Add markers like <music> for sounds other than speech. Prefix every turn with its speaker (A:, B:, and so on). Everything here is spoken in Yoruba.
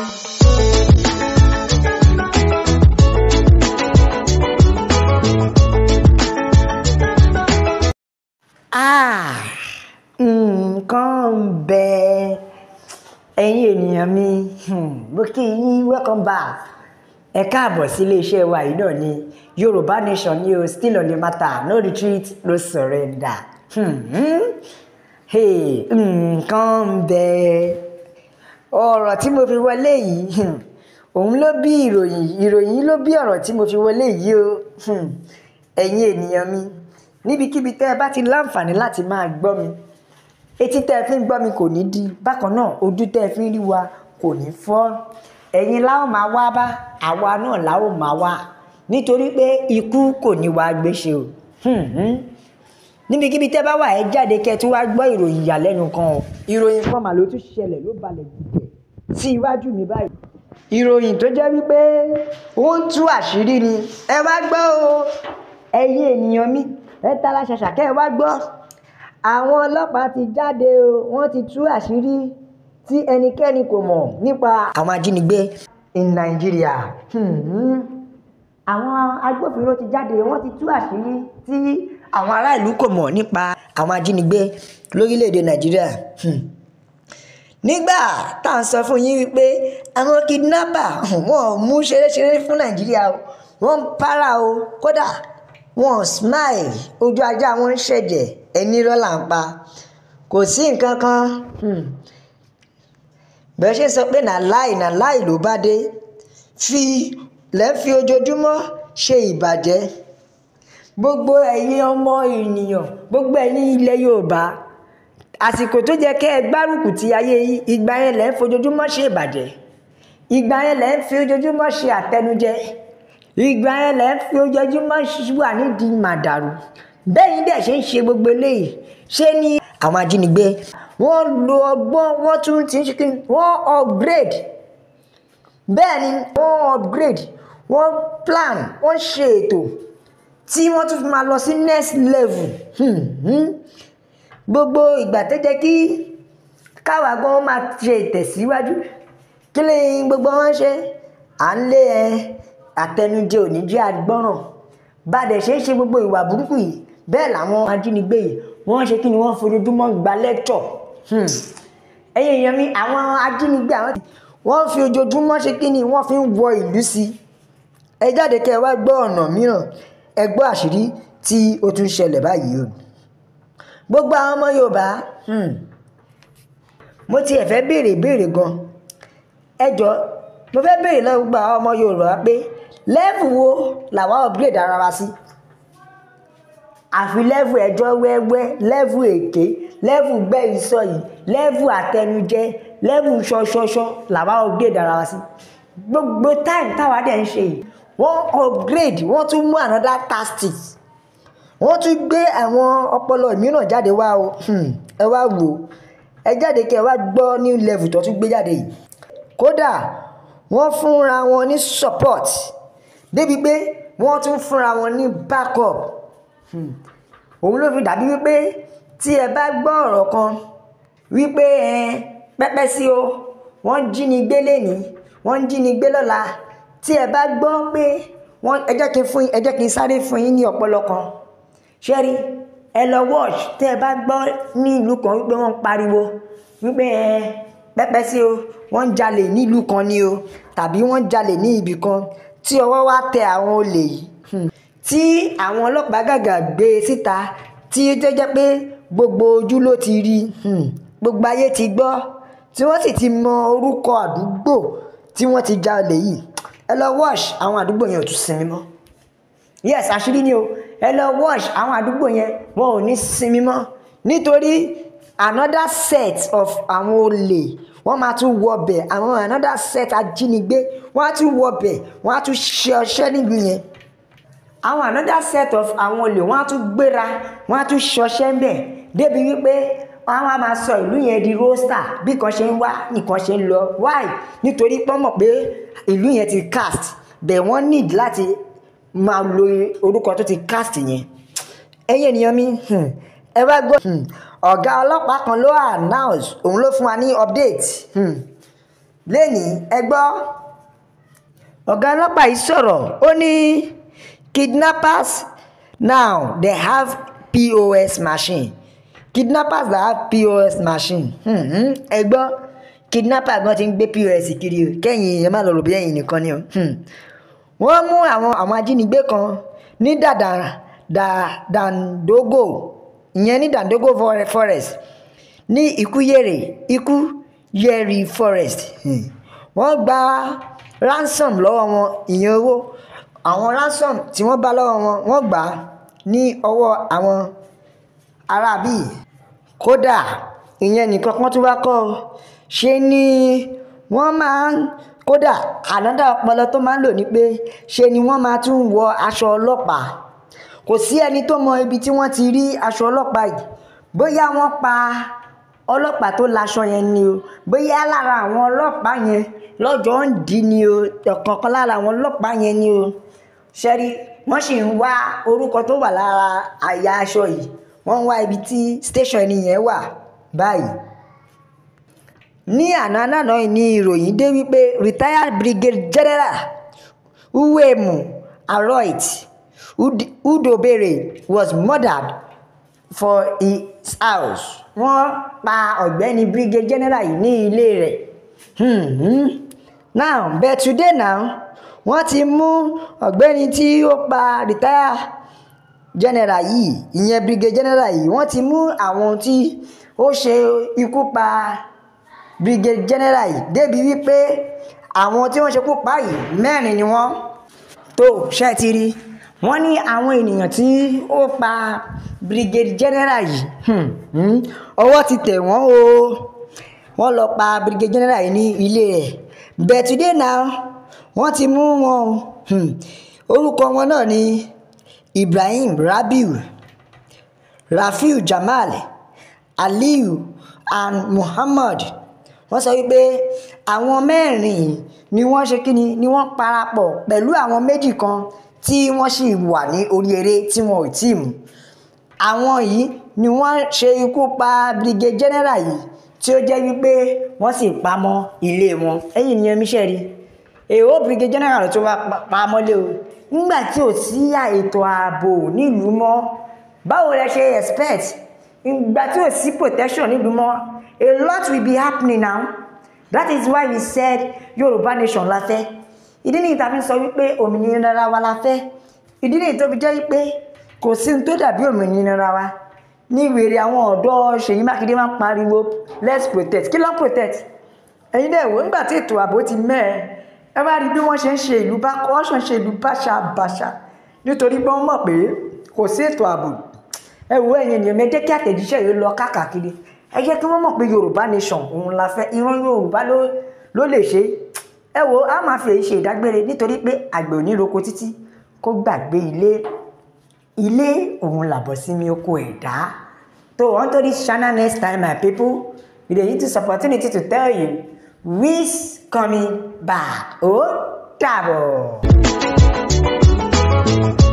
A: Ah, nǹkan ń bẹ ẹ̀yin ènìyàn mi bó hmm, yín welcome back ẹ káàbọ̀ sí iléeṣẹ́ wa yìí náà ni Yorùbá Nation ni o still on the matter no retreat no surrender hmm, hmm. nǹkan ń bẹ ọ̀rọ̀ tí mo fi wọlé yìí hmm, òun ló bí ìròyìn ìròyìn ló bí ọ̀rọ̀ tí mo fi wọlé yìí o hmm. ẹ̀yin ènìyàn mi níbikíbi tẹ́ ẹ bá ti láǹfààní láti máa gbọ́ mi etí tẹ́ ẹ fi ń gbọ́ mi kò ní di bákan náà ojú tẹ́ ẹ fi ń rí wa kò ní fọ́ ẹ̀yin la ó máa wá bá àwa náà la ó máa wá nítorí pé ikú kò ní wá gbéṣe o hmm. níbikíbi tẹ́ bá wà ẹ jáde kẹ́ ẹ tún wá gbọ́ ìròyìn ìyàlẹ́nu kan o ìròyìn kan mà ṣẹlẹ̀ ló balẹ̀ jù sí iwájú mi báyìí ìròyìn tó jẹ́ wípé ó ń tú àṣírí ni ẹ wá gbọ́ o ẹ̀yin ènìyàn mi ẹ tara ṣàṣà kẹ́ ẹ wá gbọ́ àwọn ọlọ́pàá ti jáde o wọ́n ti tú àṣírí tí ẹnikẹ́ni kò mọ̀ nípa àwọn ajínigbé in Nigeria hmm. àwọn agbófinró ti jáde wọ́n ti tú àṣírí tí àwọn ará ìlú kò mọ̀ nípa àwọn ajínigbé lórílẹ̀‐èdè Nàìjíríà. Hmm nígbà tá à ń sọ fún yín wípé àwọn kidnapper <laughs> wọn ò mú ṣeréṣeré fún nàìjíríà o wọn ń para o kódà wọn ò smile ojú ajá wọn ń ṣẹ̀jẹ̀ ẹni rọ́là ń pa kò sí nǹkan kan hmm. bẹ́ẹ̀ ṣe sọ pé nàláì nàláì ló bá dé fi lẹ́ fi ojoojúmọ́ ṣe ìbàjẹ́ gbogbo ẹ̀yin ọmọ ènìyàn gbogbo ẹ̀yin ilẹ̀ yorùbá àsìkò tó jẹ́ kẹ́ ẹ gbárùkù ti ayé yìí ìgbà yẹn lẹ́ ń fojoojúmọ́ ṣe ìbàjẹ́ ìgbà yẹn lẹ́ ń fi ojoojúmọ́ ṣe àtẹnujẹ ìgbà yẹn lẹ́ ń fi ojoojúmọ́ wà nídìí màdàrú bẹ́ẹ̀ ni dẹ̀ ṣe ń ṣe gbogbo eléyìí ṣé ní àwọn ajínigbé wọ́n lo ọgbọ́n wọ́n tún ti ń ṣe kí wọ́n upgrade bẹ́ẹ̀ ni wọ́n upgrade wọ́n plan wọ́n ṣe ètò tí wọ́n tún fi máa lọ sí next level. Hmm, hmm gbogbo ìgbà tó jẹ́ kí káwa gan máa ṣe ìtẹ̀síwájú kí lè gbogbo wọn ṣe à ń lé ẹ àtẹnujẹ òní jẹ́ agbọ́ràn bàdẹ̀ ṣe é ṣe gbogbo ìwà burúkú yìí bẹ́ẹ̀ làwọn ajínigbé yìí wọ́n ṣe kí ni wọ́n fojoojúmọ́ gba lẹ́tọ̀ hmm. ẹ̀yin èèyàn mi àwọn ajínigbé àwọn wọ́n fi ojoojúmọ́ ṣe kí ni wọ́n fi ń wọ ìlú sí ẹ jáde kẹ́ ẹ wá gbọ́ ọ̀nà mìíràn ẹ gbọ́ àṣírí tí ó tún ṣẹlẹ̀ báyìí o gbogbo àwọn ọmọ yorùbá hmm, mo ti ẹ̀ fẹ́ béèrè béèrè gan ẹ jọ mo fẹ́ béèrè lọ́wọ́ gbogbo àwọn ọmọ yorùbá pé lẹ́ẹ̀fù wo làwọn upgrade ara wa sí àfi lẹ́ẹ̀fù ẹjọ́ wẹ́wẹ́ lẹ́ẹ̀fù èké lẹ́ẹ̀fù gbẹ́ ìsọ yìí lẹ́ẹ̀fù àtẹnujẹ lẹ́ẹ̀fù ṣọṣọṣọ làwọn upgrade ara wa sí gbogbo táìmù táwa dẹ̀ ń ṣe yìí wọ́n upgrade wọ́n tún mú another tactics wọ́n tún gbé àwọn ọpọlọ mìíràn jáde wá o hmm, ẹ wá wò ó ẹ jáde kí ẹ wá gbọ́ new level tó tún gbé jáde yìí kódà wọ́n fúnra wọn ní support débi pé wọ́n tún fúnra wọn ní backup hmm, òun ló fi dàbí wípé tí ẹ bá gbọ́ ọ̀rọ̀ kan wípé pẹ́pẹ́ sí o wọ́n ń jí ni gbé lẹ́ni wọ́n ń jí ni gbé lọ́la tí ẹ bá gbọ́ pé ẹ jẹ́ kí n sáré fún yín ní ọpọlọ kan ṣẹ́rí ẹ lọ watch tẹ́ ẹ bá gbọ́ ní ìlú kan wípé wọ́n ń pariwo wípé ẹ pẹ́pẹ́ sí o wọ́n ń jalè ní ìlú kan ni o tàbí wọ́n ń jalè ní ibì kan tí ọwọ́ wá tẹ àwọn olè yìí hmm, tí àwọn ọlọ́pàá gàgà gbé e síta tí ó jẹ́ pé gbogbo ojú ló ti rí hmm, gbogbo ayé ti gbọ́ tí wọ́n sì ti mọ orúkọ àdúgbò tí wọ́n ti jalè yìí ẹ lọ watch àwọn àdúgbò yẹn ò tún sinmi mọ́ yes àṣírí ni o ẹ lọ watch àwọn àdúgbò yẹn wọn ò ní sinmi mọ́ nítorí another set of àwọn olè wọ́n máa tún wọbẹ̀ àwọn another set ajínigbé wọ́n á tún wọbẹ̀ wọ́n á tún ṣe ọṣẹ́ níbi yẹn àwọn another set of àwọn olè wọ́n á tún gbéra wọ́n á tún ṣọṣẹ́ ń bẹ̀ débi wípé àwọn a máa sọ ìlú yẹn di roster bí kan ṣe ń wá nìkan ṣe ń lọ why nítorí pọ́n mọ̀ pé ìlú yẹn ti cast bẹ̀ wọ́n need láti máa lo orúkọ tó ti cast yẹn ẹ̀yin ènìyàn mi hmm, ẹ wá gbọ́ hmm, ọ̀gá ọlọ́pàá kan ló announce òun ló fún wa ní update hmm. lẹ́nìí ẹ gbọ́ ọ̀gá ọlọ́pàá yìí sọ̀rọ̀ ó ní kidnappers now they have POS machine kidnappers they have POS machine ẹ gbọ́ kidnapper gan ti ń gbé POS kiri o kẹ́yìn ẹ má lọ rò bí ẹ̀yin nìkan ni o. Hmm wọ́n mú àwọn àwọn ajínigbé kan ní dàdàrà dàdàndógò ìyẹn ní dàdàndógò forest ní ìkúyèrè ìkúyèrè forest hmm. wọ́n gba ransom lọ́wọ́ wọn ìyẹn owó àwọn ransom tí wọ́n bá lọ́wọ́ wọn wọ́n gbà á ní ọwọ́ àwọn arábì kódà ìyẹn nìkan kan tún wá kọ́ ṣe ni wọ́n máa ń kódà àdáńdá ọpọlọ tó máa ń lò ní pé ṣe ni wọ́n máa tún wọ aṣọ ọlọ́pàá kò sí ẹni tó mọ ibi tí wọ́n ti rí aṣọ ọlọ́pàá yìí bóyá wọ́n pa ọlọ́pàá tó laṣọ yẹn ni o bóyá lára àwọn ọlọ́pàá yẹn lọ́jọ́ ń dì ní o ọ̀kọ̀ọ̀kan lára àwọn ọlọ́pàá yẹn ni o ṣẹ́rí wọ́n sì ń wá orúkọ tó wà lára àyà aṣọ yìí wọ́n ń wá ibi tí station ẹni yẹn wà báyìí ní àná aláàná ni ìròyìn dé wípé retired brigadier general uwemu aroit udobere was murdered for his house wọ́n pa ọ̀gbẹ́ni brigadier general yìí ní ilé rẹ̀ hmm, now but today now wọ́n ti mú ọ̀gbẹ́ni tí ó pa retired general yìí ìyẹn brigadier general yìí wọ́n ti mú àwọn tí ó ṣe ikú pa brigadier general yìí débi wípé àwọn tí wọ́n ṣekú pa yìí mẹ́rin ni wọ́n tó ṣe ti rí wọ́n ní àwọn ènìyàn tí ó pa brigadier general yìí hmm, hmm, ọwọ́ ti tẹ̀ wọ́n o wọ́n lọ pa brigadier general yìí ní ilé rẹ̀ but today now wọ́n ti mú wọn hmm, orúkọ wọn náà ni Ibrahim Rabiu Rafiu Jamal Aliyu and Muhammad wọ́n sọ wípé àwọn mẹ́rin ni wọ́n ṣe kíni ni wọ́n parapọ̀ pẹ̀lú àwọn méjì kan tí wọ́n sì wà ní orí eré tí wọn ò tí ì mú àwọn yìí ni wọ́n ṣe ikú pa brigadier general yìí tí ó jẹ́ wípé wọ́n sì pamọ́ ilé wọn ẹ̀yìn ni ẹmí ṣẹ́rí èèwọ̀ brigadier general tó wá pamọ́ lé o nígbà tí ò sí ètò ààbò nílùú mọ́ báwo lẹ ṣe expect ìgbà tí ò sí protection nílùú mọ́ a lot will be happening now that is why we said yorùbá nation la fẹ́ ìdí nìyí tá a fi sọ wípé òmìnira wa la fẹ́ ìdí nìyí tó fi jẹ́ wípé kò sí ní tó dàbí òmìnira wa ní wèrè àwọn ọ̀dọ́ Ṣèyí Mákindé máa ń pariwo let's protect kí ló protect ẹ̀yin dẹ̀ wò nígbà tí ètò ààbò ti mẹ́ ẹ ẹ bá rí bí wọ́n ṣe ń ṣe ìlú bá kọ́ ṣe ń ṣe ìlú báṣabàṣà nítorí pé mọ̀ pé kò sí ètò ààbò ẹ wo ẹ̀yin èèyàn mi ẹ jẹ́ kí àtẹ̀jíṣẹ́ yìí lọ káàkiri ẹ jẹ́ kí wọ́n mọ̀ pé yorùbá nation òun la fẹ́ ìran yorùbá ló lè ṣe ẹ wo a máa fi èyí ṣe ìdágbére nítorí pé àgbẹ̀ ò ní roko títí kó gbàgbé ilé ilé òun làbọ̀ sí mi oko ẹ̀dá so on to this channel next time my people we dey use this opportunity to tell you who's coming back Oh, dàbọ̀. thank you